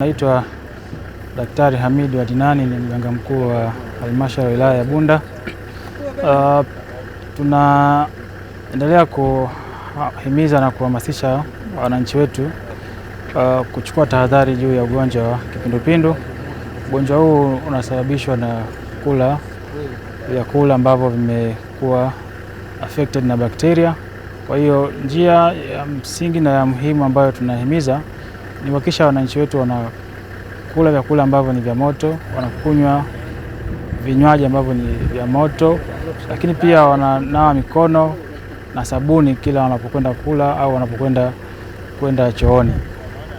Naitwa Daktari Hamidu Adinani, ni mganga mkuu wa halmashauri ya wilaya ya Bunda. Uh, tunaendelea kuhimiza na kuhamasisha wananchi wetu uh, kuchukua tahadhari juu ya ugonjwa wa kipindupindu. Ugonjwa huu unasababishwa na kula vyakula ambavyo vimekuwa affected na bakteria. Kwa hiyo njia ya msingi na ya muhimu ambayo tunahimiza ni kuhakikisha wananchi wetu wanakula vyakula ambavyo ni vya moto, wanakunywa vinywaji ambavyo ni vya moto, lakini pia wananawa mikono na sabuni kila wanapokwenda kula au wanapokwenda kwenda chooni.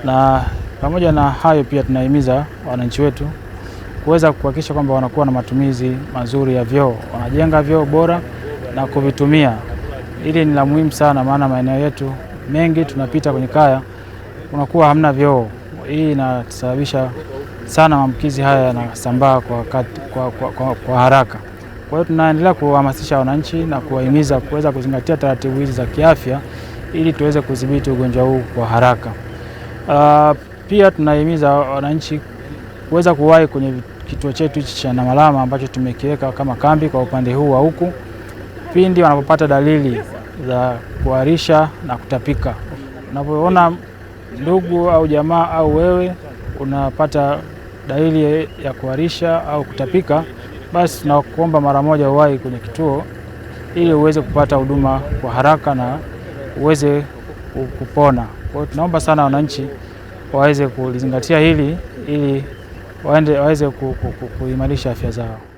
Na pamoja na hayo pia tunahimiza wananchi wetu kuweza kuhakikisha kwamba wanakuwa na matumizi mazuri ya vyoo, wanajenga vyoo bora na kuvitumia. Hili ni la muhimu sana, maana maeneo yetu mengi tunapita kwenye kaya unakuwa hamna vyoo. Hii inasababisha sana maambukizi haya yanasambaa kwa, kwa, kwa, kwa, kwa haraka. Kwa hiyo tunaendelea kuhamasisha wananchi na kuwahimiza kuweza kuzingatia taratibu hizi za kiafya ili tuweze kudhibiti ugonjwa huu kwa haraka. Uh, pia tunahimiza wananchi kuweza kuwahi kwenye kituo chetu hichi cha Namalama ambacho tumekiweka kama kambi kwa upande huu wa huku, pindi wanapopata dalili za kuharisha na kutapika, unapoona ndugu au jamaa au wewe unapata dalili ya kuharisha au kutapika, basi tunakuomba mara moja uwahi kwenye kituo ili uweze kupata huduma kwa haraka na uweze kupona. Kwa hiyo tunaomba sana wananchi waweze kulizingatia hili ili waende waweze kuimarisha afya zao.